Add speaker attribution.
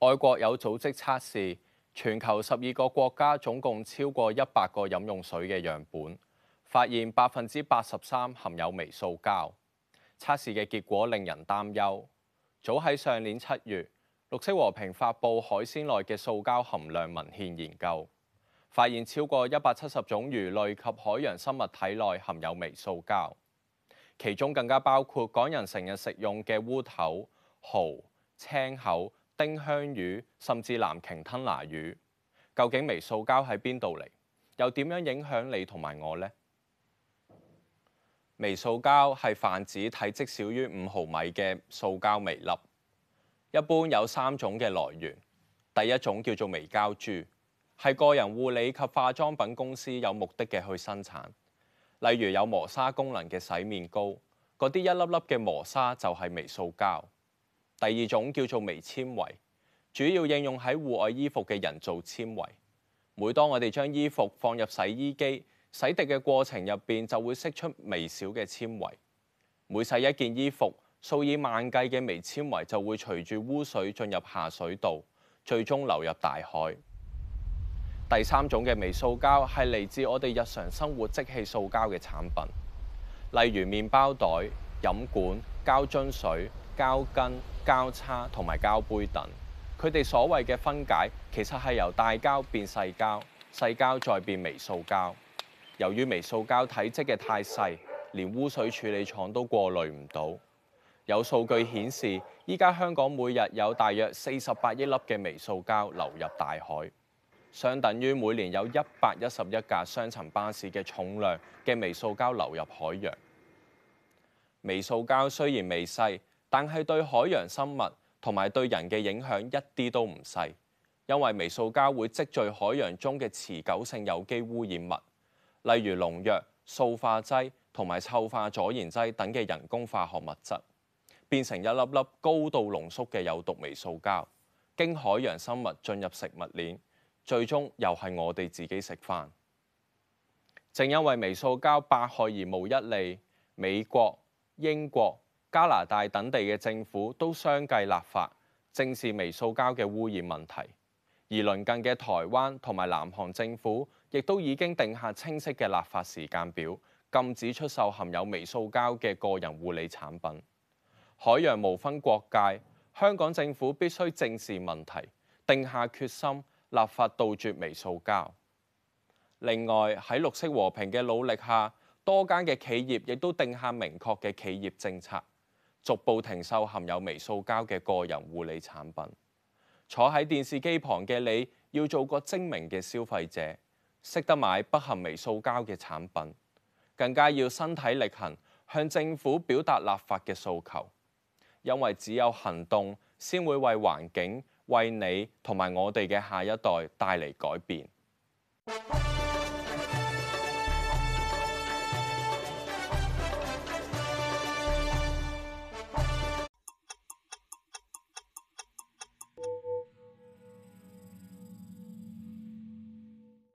Speaker 1: 外國有組織測試全球十二個國家總共超過一百個飲用水嘅樣本，發現百分之八十三含有微塑膠。測試嘅結果令人擔憂。早喺上年七月，綠色和平發布海鮮內嘅塑膠含量文獻研究，發現超過一百七十種魚類及海洋生物體內含有微塑膠，其中更加包括港人成日食用嘅烏頭、蠔、青口、丁香魚、甚至藍鯨吞拿魚，究竟微塑膠喺邊度嚟？又點樣影響你同埋我呢？微塑膠係泛指體積少於五毫米嘅塑膠微粒，一般有三種嘅來源。第一種叫做微膠珠，係個人護理及化妝品公司有目的嘅去生產，例如有磨砂功能嘅洗面膏，嗰啲一粒粒嘅磨砂就係微塑膠。第二種叫做微纖維，主要應用喺戶外衣服嘅人造纖維。每當我哋將衣服放入洗衣機，洗滌嘅過程入邊，就會釋出微小嘅纖維。每洗一件衣服，數以萬計嘅微纖維就會隨住污水進入下水道，最終流入大海。第三種嘅微塑膠係嚟自我哋日常生活即棄塑膠嘅產品，例如麵包袋、飲管、膠樽水。膠羹、膠叉同埋膠杯等，佢哋所謂嘅分解，其實係由大膠變細膠，細膠再變微塑膠。由於微塑膠體積嘅太細，連污水處理廠都過濾唔到。有數據顯示，依家香港每日有大約四十八億粒嘅微塑膠流入大海，相等於每年有一百一十一架雙層巴士嘅重量嘅微塑膠流入海洋。微塑膠雖然微細，但係對海洋生物同埋對人嘅影響一啲都唔細，因為微塑膠會積聚海洋中嘅持久性有機污染物，例如農藥、塑化劑同埋溴化阻燃劑等嘅人工化學物質，變成一粒粒高度濃縮嘅有毒微塑膠，經海洋生物進入食物鏈，最終又係我哋自己食飯。正因為微塑膠百害而無一利，美國、英國、加拿大等地嘅政府都相繼立法，正視微塑膠嘅污染問題，而鄰近嘅台灣同埋南韓政府亦都已經定下清晰嘅立法時間表，禁止出售含有微塑膠嘅個人護理產品。海洋無分國界，香港政府必須正視問題，定下決心立法杜絕微塑膠。另外，喺綠色和平嘅努力下，多間嘅企業亦都定下明確嘅企業政策。逐步停售含有微塑膠嘅個人護理產品。坐喺電視機旁嘅你，要做個精明嘅消費者，識得買不含微塑膠嘅產品。更加要身體力行，向政府表達立法嘅訴求。因為只有行動，先會為環境、為你同埋我哋嘅下一代帶嚟改變。